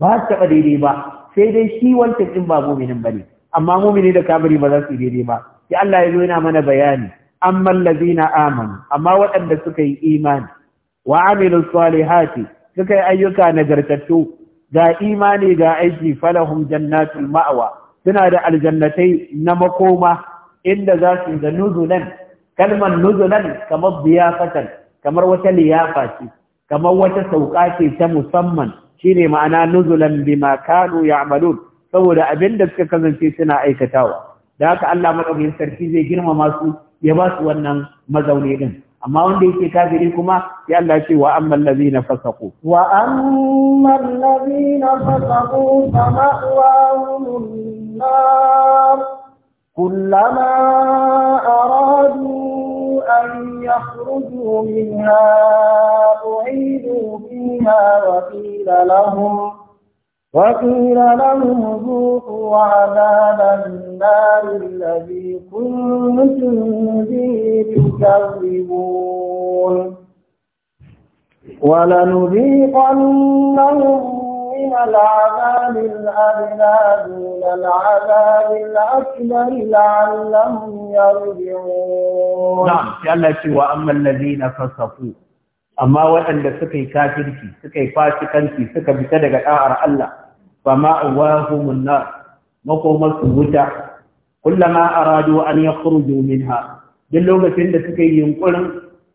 ba su taba daidai ba sai dai shi wancan din ba muminin bane amma mumini da kafiri ba za su daidai ba sai Allah ya zo yana mana bayani amma allazina amanu amma waɗanda suka yi imani wa amilu salihati suka yi ayyuka nagartattu ga imani ga aiki falahum jannatul ma'awa suna da aljannatai na makoma inda za su da nuzulan kalmar nuzulan kamar biyafatan kamar wata liyafa ce kamar wata sauka ce ta musamman shine ma'ana nuzulan bima kanu ya'malun saboda abin da suka kasance suna aikatawa da haka Allah madaukakin sarki zai girmama su ya ba su wannan mazauni din amma wanda yake kafiri kuma ya Allah ce wa amman ladina fasaqu wa amman ladina fasaqu fa ma'wahum nar kullama aradu an yakhruju minha u'idu fiha wa qila lahum وقيل لهم ذوقوا عذاب النار الذي كنتم به تكذبون ولنذيقنهم من العذاب الأدنى دون العذاب الأكبر لعلهم يرجعون نعم قال وأما الذين فسقوا amma waɗanda suka yi kafirci suka yi fasikanci suka fita daga ɗa'ar Allah fa ma awahumun nar makomar su wuta kullama aradu an yakhruju minha duk lokacin da suka yi yunkurin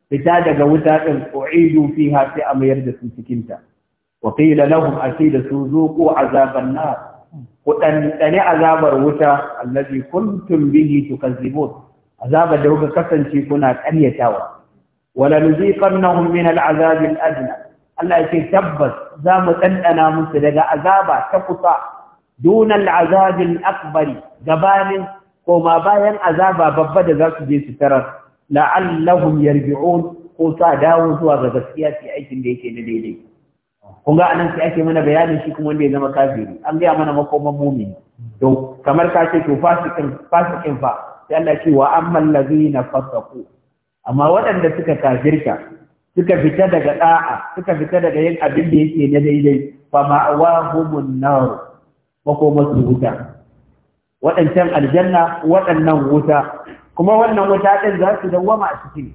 fita daga wuta din u'idu fiha sai a mayar da su cikin ta wa qila lahum asida suzuqu azaban nar ku ɗanɗani azabar wuta allazi kuntum bihi tukazzibun azabar da kuka kasance kuna ƙaryatawa wala nuziqannahum min al'azab al'adna Allah yake tabbas za mu dandana musu daga azaba ta kusa dun al'azab al'akbar gabanin ko ma bayan azaba babba da za su je su tarar la'allahum yarji'un ko sa dawo zuwa ga gaskiya aikin da yake na daidai kun anan sai ake mana bayanin shi kuma wanda ya zama kafiri an gaya mana makoman mumini to kamar ka ce to fasikin fa sai Allah ce wa amman ladina amma waɗanda suka kafirka suka fita daga da'a suka fita daga yin abin da yake na daidai fa humun nar makomar wuta waɗancan aljanna waɗannan wuta kuma wannan wuta ɗin za su dawwama a cikin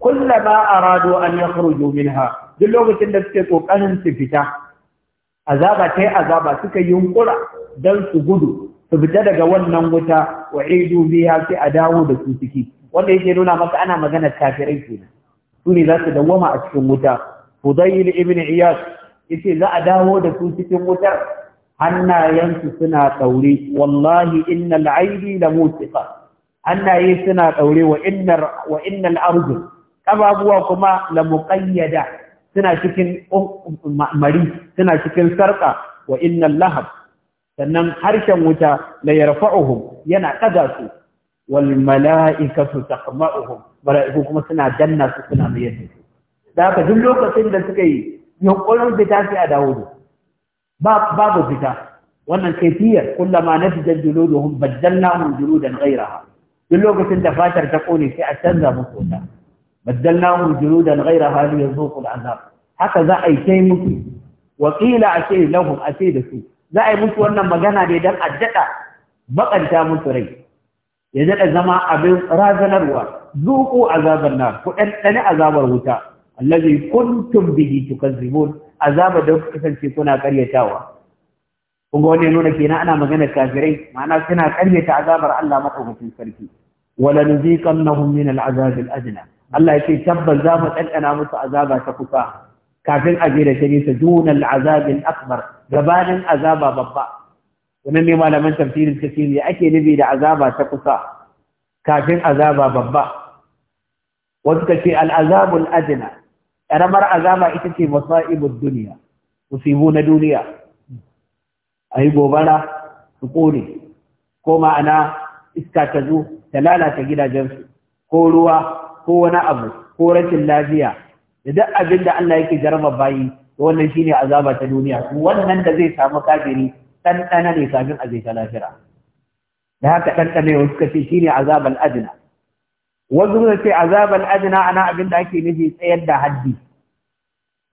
kullama arado an yakhruju minha duk lokacin da suke kokarin su fita azaba kai azaba suka yunkura dan su gudu su fita daga wannan wuta wa'idu biha fi adawu da su ciki wanda yake nuna maka ana magana kafirai kenan su ne za su dawwama a cikin wuta fudayl ibn iyas yace za a dawo da su cikin wutar hannayensu suna daure wallahi innal aidi la musiqa hannaye suna daure wa innar wa innal kababuwa kuma la muqayyada suna cikin um, um, um, mari suna cikin sarka wa innal lahab sannan harshen wuta la yarfa'uhum yana ɗaga su wal mala'ikatu taqma'uhum mala'iku kuma suna danna su suna mayar da su da haka duk lokacin da suka yi yunkurin fita sai a dawo da babu fita wannan kaifiyar kullama nafijat juluduhum baddalnahum juludan ghayraha duk lokacin da fatar ta kone sai a canza musu wata baddalnahum juludan ghayraha li yazuqu al'azab haka za a yi kai musu da su za a yi musu wannan magana ne dan addada bakanta musu rai ya daɗa zama abin razanarwa zuku azabar nan ku ɗanɗani azabar wuta allazi kuntum bihi tukazzibun azaba da kuka kasance kuna karyatawa kun ga wannan nuna kenan ana magana kafirai ma'ana suna karyata azabar Allah madaukakin sarki wala nuziqannahum min al'azab al'adna Allah yake tabbas za mu ɗanɗana musu azaba ta kusa kafin a je da ta nisa dunal azab al'akbar gabanin azaba babba wannan ne malaman tafsirin suka ne ake nufi da azaba ta kusa kafin azaba babba wasu ka ce al'azabul adna ƙaramar azaba ita ce masa'ibin duniya musibu na duniya Ai gobara su ƙone ko ma'ana iska ta zo ta lalata gidajensu ko ruwa ko wani abu ko rashin lafiya da duk abin da Allah yake jarma bayi wannan shine azaba ta duniya wannan da zai samu kafiri ɗanɗana ne kafin a zai ta lafira da haka ɗanɗana suka ce shi ne azabal adina wasu suka ce azabal adina ana abin da ake nufi tsayar da haddi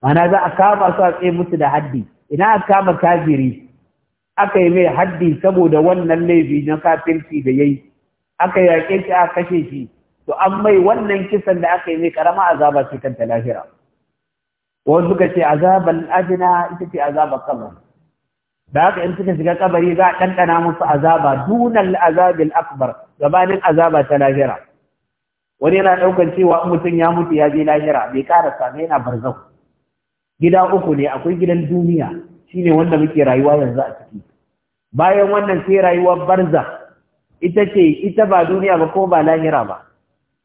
mana za a kama su a tsaye musu da haddi ina a kama kafiri aka yi mai haddi saboda wannan laifi na kafirci da ya yi, aka yaƙe shi aka kashe shi to an mai wannan kisan da aka yi mai karama azaba ce kanta lahira wasu suka ce azabal adina ita ce azabar kabari da haka in suka shiga kabari za a ɗanɗana musu azaba dunan azabin akbar gabanin azaba ta lahira wani yana ɗaukar cewa in mutum ya mutu ya je lahira bai ƙara same yana barzau gida uku ne akwai gidan duniya shine wanda muke rayuwa yanzu a ciki bayan wannan sai rayuwar barza ita ce ita ba duniya ba ko ba lahira ba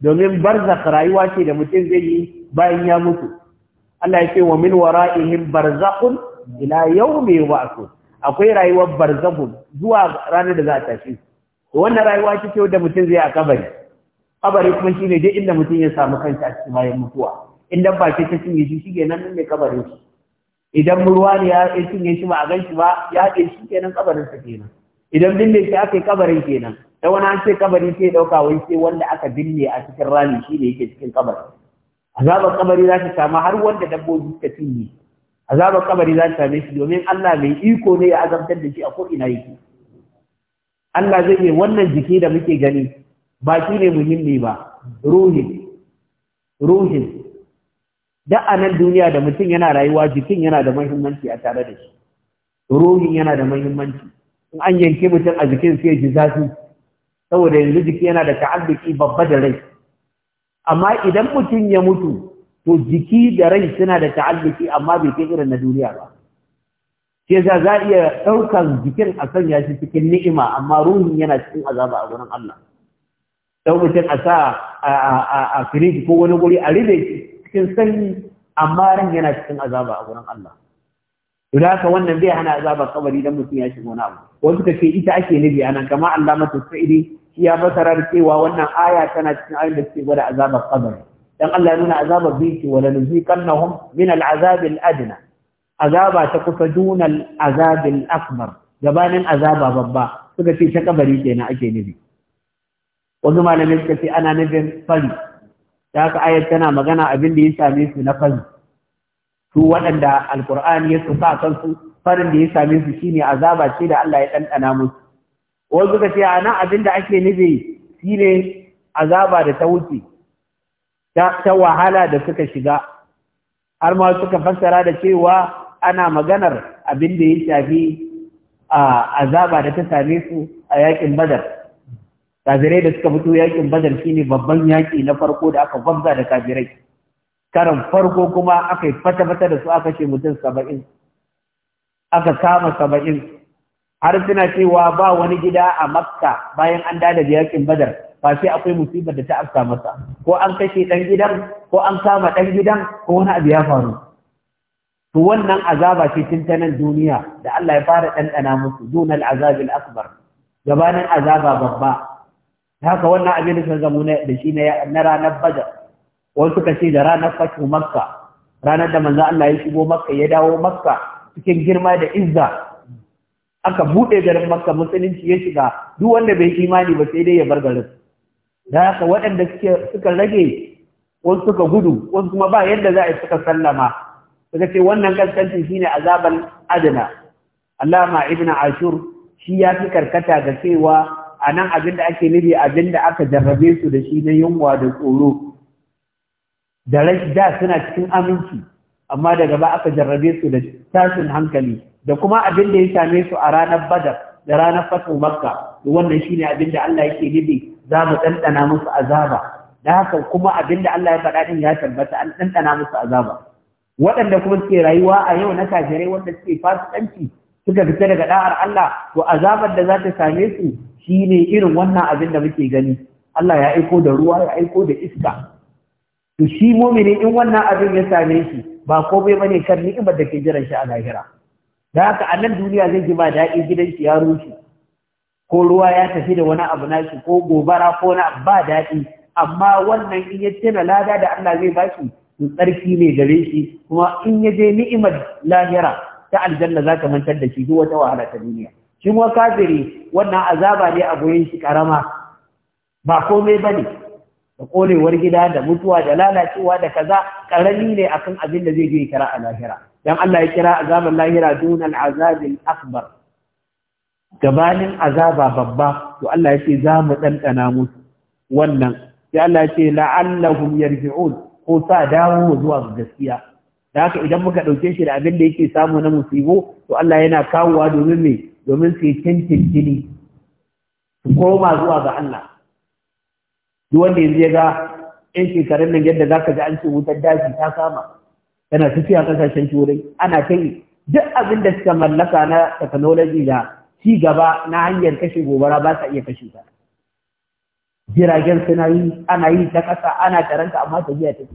domin barzak rayuwa ce da mutum zai yi bayan ya mutu Allah ya ce wa min wara'ihim barzakun ila mai yub'athun akwai rayuwar barzahu zuwa ranar da za a tashi wannan rayuwa ce ce da mutum zai a kabari kabari kuma shine dai inda mutum ya samu kansa a cikin bayan mutuwa inda ba ce ta cinye shi nan ne kabarin shi idan ruwa ne ya cinye shi ba a gan shi ba ya haɗe shi kenan kabarin sa kenan idan binne shi aka yi kabarin kenan da wani an ce kabari sai ɗauka wai sai wanda aka binne a cikin rami shi ne yake cikin kabari azabar kabari za ta samu har wanda dabbobi suka cinye azabar kabari za ta same shi domin Allah mai iko ne ya azabtar da shi a ko'ina yake Allah zai yi wannan jiki da muke gani ba shi ne muhimmi ba ruhin ruhin da a nan duniya da mutum yana rayuwa jikin yana da muhimmanci a tare da shi ruhin yana da muhimmanci in an yanke mutum a jikin sai ji zafi saboda yanzu jiki yana da ta'alluki babba da rai amma idan mutum ya mutu to jiki da rai suna da ta'alluki amma bai kai irin na duniya ba ke za za iya ɗaukan jikin a sanya shi cikin ni'ima amma ruhin yana cikin azaba a gurin Allah ɗau mutum a sa a firiji ko wani guri a ribe cikin sanyi amma ran yana cikin azaba a gurin Allah idan ka wannan bai hana azaba kabari dan mutum ya shiga wani abu wasu ka ce ita ake nabi ana kama Allah mata sa'idi shi ya masarar cewa wannan aya tana cikin ayoyin da suke gwada azaba kabari dan Allah ya nuna azabar biki wala nuziqannahum min al'azab al'adna azaba ta kusa duna al'azab al'akbar gabanin azaba babba suka ce ta kabari kenan ake nufi Wani malamin suka ce ana nufin fari ta haka tana magana abin da ya same su na fari su waɗanda alkur'ani ya suka kansu farin da ya same su shine azaba ce da Allah ya ɗanɗana musu wasu suka ce a nan abin da ake nufi shine azaba da ta wuce ta wahala da suka shiga har ma suka fassara da cewa ana maganar abin da ya shafi a azaba da ta same su a yakin badar kafirai da suka fito yakin badar shine babban yaki na farko da aka gwabza da kafirai karan farko kuma aka yi fata-fata da su aka ce mutum saba'in aka kama saba'in har suna cewa ba wani gida a makka bayan an dada da yakin badar ba sai akwai musibar da ta afka masa ko an kashe dan gidan ko an kama dan gidan ko wani abu ya faru to wannan azaba ce tun ta nan duniya da Allah ya fara ɗanɗana musu dunal al akbar gabanin azaba babba haka wannan abin da sun ne da shi na ranar badar wasu suka ce da ranar fatu makka ranar da manzo Allah ya shigo makka ya dawo makka cikin girma da izza aka bude garin makka musulunci ya shiga duk wanda bai yi imani ba sai dai ya bar garin da haka waɗanda suka rage wasu suka gudu wasu kuma ba yadda za a yi suka sallama suka ce wannan gaskacin shine azaban adana allama ibn ashur shi ya fi karkata ga cewa a nan abinda ake nufi abinda aka jarrabe su da shi na yunwa da tsoro da da suna cikin aminci amma daga ba aka jarrabe su da tashin hankali da kuma abin da ya same su a ranar badar da ranar fatu makka wannan shine abin da Allah yake nufi za mu ɗanɗana musu azaba da haka kuma abin da Allah ya faɗa ɗin ya tabbata an ɗanɗana musu azaba waɗanda kuma suke rayuwa a yau na kafirai wanda suke fasikanci suka fita daga da'ar Allah to azabar da za ta same su shine irin wannan abin da muke gani Allah ya aiko da ruwa ya aiko da iska to shi mumini in wannan abin ya same shi ba komai bane kan ni'imar da ke jiran shi a lahira da haka a nan duniya zai ji ba daɗi gidan shi ya rushe ko ruwa ya tafi da wani abu nashi ko gobara ko na ba daɗi amma wannan in ya tana lada da Allah zai baki in tsarki ne gare shi kuma in ya je ni'imar lahira ta aljanna za ka mantar da shi duk wata wahala ta duniya shi kuma kafiri wannan azaba ne a goyen shi karama ba komai bane da korewar gida da mutuwa da lalacewa da kaza karami ne akan abin da zai je kira a lahira dan Allah ya kira azaban lahira dunal azabil akbar gabanin azaba babba to Allah ya ce za mu ɗanɗana musu wannan sai Allah ya ce la'allahum yarji'un ko sa dawo zuwa gaskiya da haka idan muka ɗauke shi da abin da yake samu na musibo to Allah yana kawowa domin me domin su yi jini su koma zuwa ga Allah duk wanda yanzu ya ga yan shekarun nan yadda zaka ji an ce wutar daji ta kama tana tafiya kasashen turai ana kai duk abin da suka mallaka na technology da ci gaba na hanyar kashe gobara ba sa iya kashe ta jiragen suna yi ana yi ta ƙasa ana taranta amma ta ta take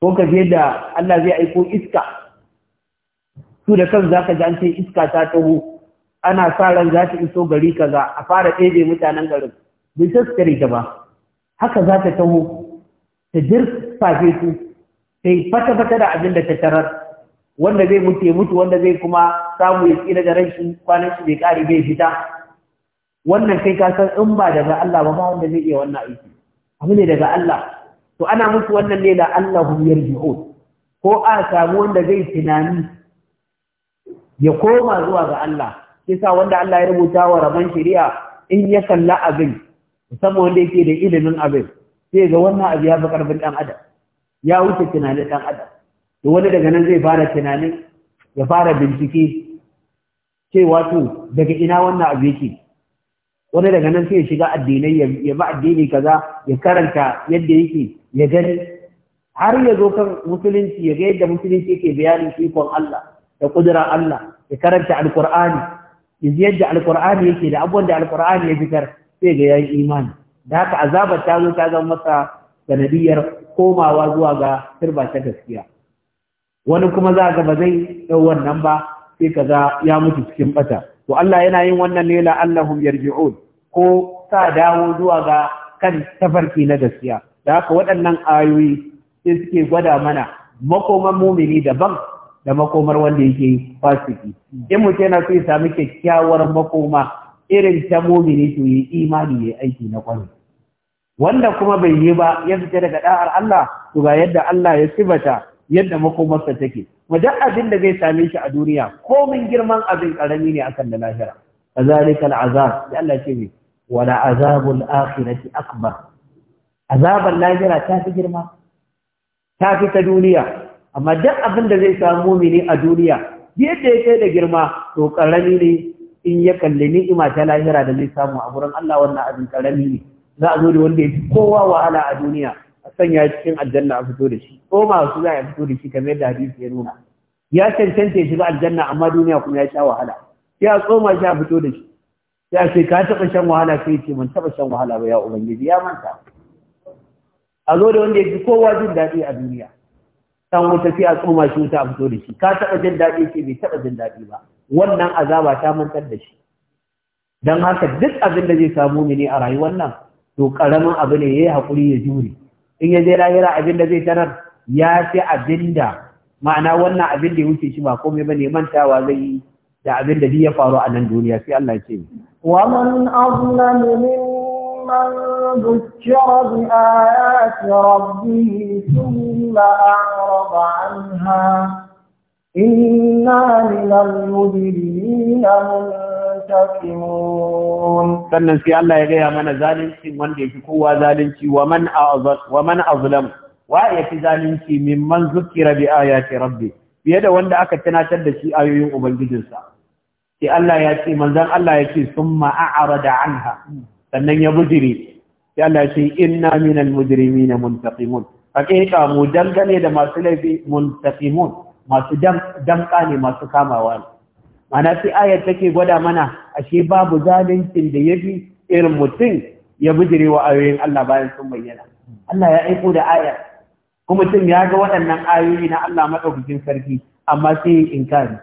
ko ka je da Allah zai aiko iska su da kan zaka ji an ce iska ta taho ana sa ran za ta iso gari kaza a fara ɗebe mutanen garin bai kare ta ba haka za ta taho ta jirfafe su yi fata-fata da abin da ta tarar wanda zai mutu ya mutu wanda zai kuma samu ya tsira da ranshi kwanan shi bai kare bai fita wannan kai ka san in ba daga Allah ba ba wanda zai iya wannan aiki abu ne daga Allah to ana musu wannan ne da hu yarji'un ko a samu wanda zai tunani ya koma zuwa ga Allah sai sa wanda Allah ya rubuta wa rabon shari'a in ya kalla abin musamman wanda yake da ilimin abin sai ga wannan abu ya fi karfin dan adam ya wuce tunanin dan adam to wani daga nan zai fara tunanin ya fara bincike cewa to daga ina wannan abu yake wani daga nan sai ya shiga addinai ya bi addini kaza ya karanta yadda yake ya gani har ya zo kan musulunci ya ga yadda musulunci yake bayanin ikon Allah da kudura Allah ya karanta alkur'ani ya ji yadda alkur'ani yake da abubuwan da alkur'ani ya fitar sai ga yayi imani da haka azabar ta zo ta zama masa sanadiyar komawa zuwa ga turba ta gaskiya wani kuma za ga ba zai ɗau wannan ba sai kaza ya mutu cikin bata to Allah yana yin wannan ne la'allahum yarji'un ko sa dawo zuwa ga kan tafarki na gaskiya da haka waɗannan ayoyi sai suke gwada mana makomar mumini daban da makomar wanda yake fasiki in mutum yana so ya samu kyakkyawar makoma irin ta mumini to yi imani ya aiki na kwano wanda kuma bai yi ba ya fita daga da'ar Allah to ga yadda Allah ya sibata yadda makomarsa take wa duk abin da zai same shi a duniya komin girman abin karami ne akan da lahira kazalika al'azab ya Allah ce ne wala azabul akhirati akbar azabar lahira ta fi girma ta fi ta duniya amma duk abin da zai samu mini a duniya yadda ya kai da girma to karami ne in ya kalli ni'ima ta lahira da zai samu a gurin Allah wannan abin karami ne za a zo da wanda ya fi kowa wahala a duniya sanya cikin aljanna a fito da shi ko masu za a fito da shi kamar yadda hadisi ya nuna ya cancanta ya shiga aljanna amma duniya kuma ya sha wahala sai a tsoma shi a fito da shi sai a ce ka taɓa shan wahala sai ce man taɓa shan wahala ba ya ubangiji ya manta a zo da wanda ya fi kowa jin daɗi a duniya san wuta sai a tsoma shi wuta a fito da shi ka taɓa jin daɗi ce bai taɓa jin daɗi ba wannan azaba ta mantar da shi don haka duk abin da zai samu mini a rayuwar nan to karamin abu ne ya yi haƙuri ya jure in ya je lahira abin da zai tarar ya fi abin da ma'ana wannan abin da ya wuce shi ba komai ba ne mantawa zai yi da abin da ya faru a nan duniya sai Allah ce wa man mimman bi ayati rabbih thumma a'rada anha inna lil mujrimina ينتقمون sannan sai Allah ya gaya mana zalunci wanda yake kowa zalunci wa man azlam wa man azlam wa yake zalunci mimman zukira bi ayati rabbi fiye da wanda aka tunatar da shi ayoyin ubangijinsa sai Allah ya ce manzon Allah ya ce summa a'rada anha sannan ya bujire sai Allah ya ce inna minal mujrimina muntaqimun hakika mu dangane da masu laifi muntaqimun masu damƙa ne masu kamawa ne mana fi ayar take gwada mana ashe babu zalincin da ya fi irin mutum ya bijire wa ayoyin Allah bayan sun bayyana Allah ya aiko da ayar kuma mutum ya ga waɗannan ayoyi na Allah madaukakin sarki amma sai ya inkari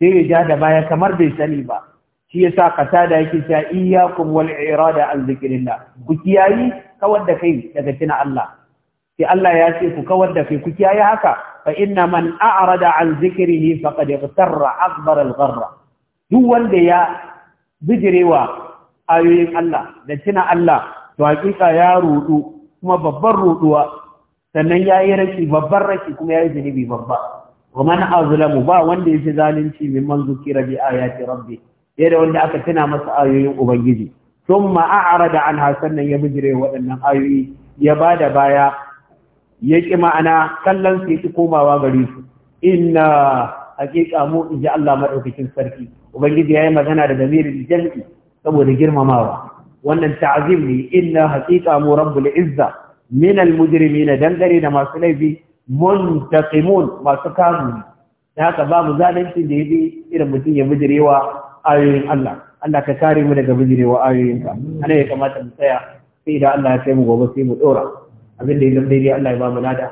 sai ya ja da baya kamar bai sani ba shi yasa kasada yake cewa iyyakum wal irada an zikrillah ku kiyayi kawar da kai daga tuna Allah sai Allah ya ce ku kawar da kai ku kiyaye haka fa inna man a'rada an zikrihi faqad ightarra akbar al-gharra duk wanda ya bijirewa ayoyin Allah da tuna Allah to hakika ya rudu kuma babbar ruduwa sannan yayi rashi babbar rashi kuma yayi zunubi babba wa man azlamu ba wanda fi zalunci mimman zukira bi ayati rabbi yadda wanda aka tuna masa ayoyin ubangiji ثم أعرض عنها waɗannan ayoyi ya ba da baya. ya ma'ana kallon su ya komawa gari su inna hakika mu in ji Allah maɗaukakin sarki ubangiji ya yi magana da damirin jam'i saboda girmamawa wannan ta'azim ne inna hakika mu rabbul izza min al mujrimina dangare da masu laifi muntaqimun masu kamu da haka ba mu zalunci da yabi irin mutum ya bijirewa ayoyin Allah Allah ka kare mu daga bijirewa ayoyinka ana ya kamata mu tsaya sai da Allah ya kai mu gobe sai mu dora abin da ya zama daidai Allah ya ba mu lada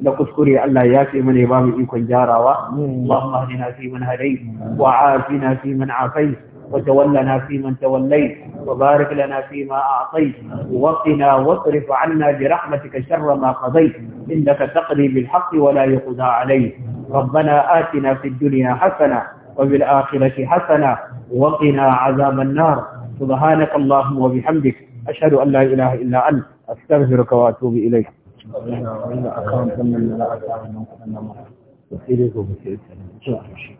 na kuskure Allah ya fi mana ya ba mu ikon jarawa Allahumma hadina fi man hadayt wa afina fi man afayt وتولنا فيمن توليت وبارك لنا فيما أعطيت وقنا واصرف عنا برحمتك شر ما قضيت إنك تقضي بالحق ولا يقضى عليك ربنا آتنا في الدنيا حسنة وفي الآخرة حسنة وقنا عذاب النار سبحانك اللهم وبحمدك أشهد أن لا إله إلا أنت astaghfiruka wa atubu ilayk wanda account din nan da aka samu nan kuma sai